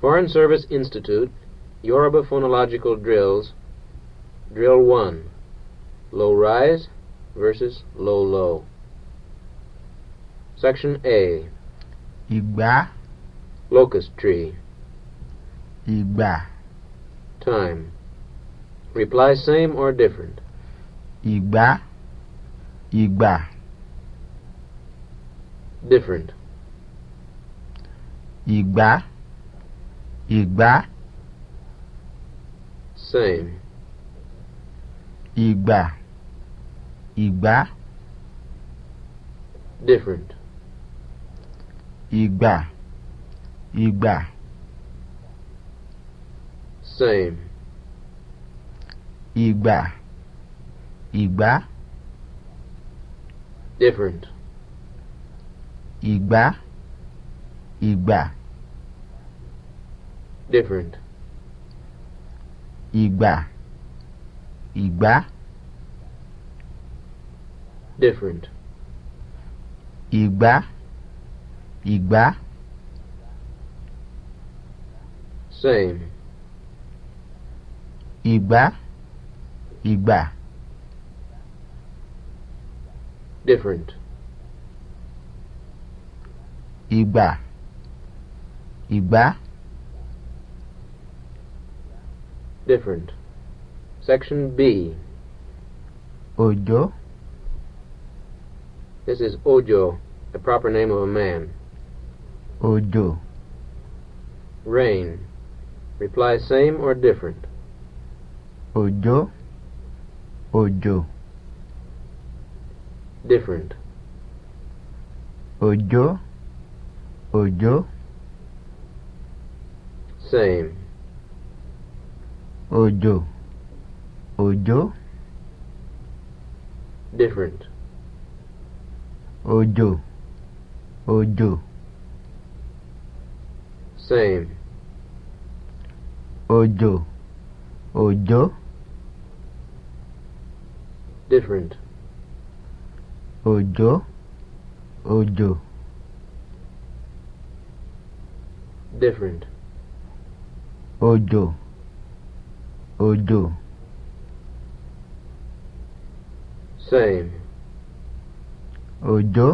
Foreign Service Institute, Yoruba Phonological Drills, Drill 1, Low Rise versus Low Low. Section A. Igba. Locust tree. Igba. Time. Reply same or different. Igba. Igba. Different. Igba ìgbá. same. ìgbà ìgbá. different. ìgbà ìgbà. same. ìgbà ìgbá. different. ìgbà ìgbà different. Igba. Igba. Different. Igba. Igba. Same. Igba. Igba. Different. Igba. Igba. different. Section B. Ojo. This is Ojo, the proper name of a man. Ojo. Rain. Reply same or different. Ojo. Ojo. Different. Ojo. Ojo. Same. Ojo. Ojo. Different. Ojo. Ojo. Same. Ojo. Ojo. Different. Ojo. Ojo. Different. Ojo. odò. same. òjò.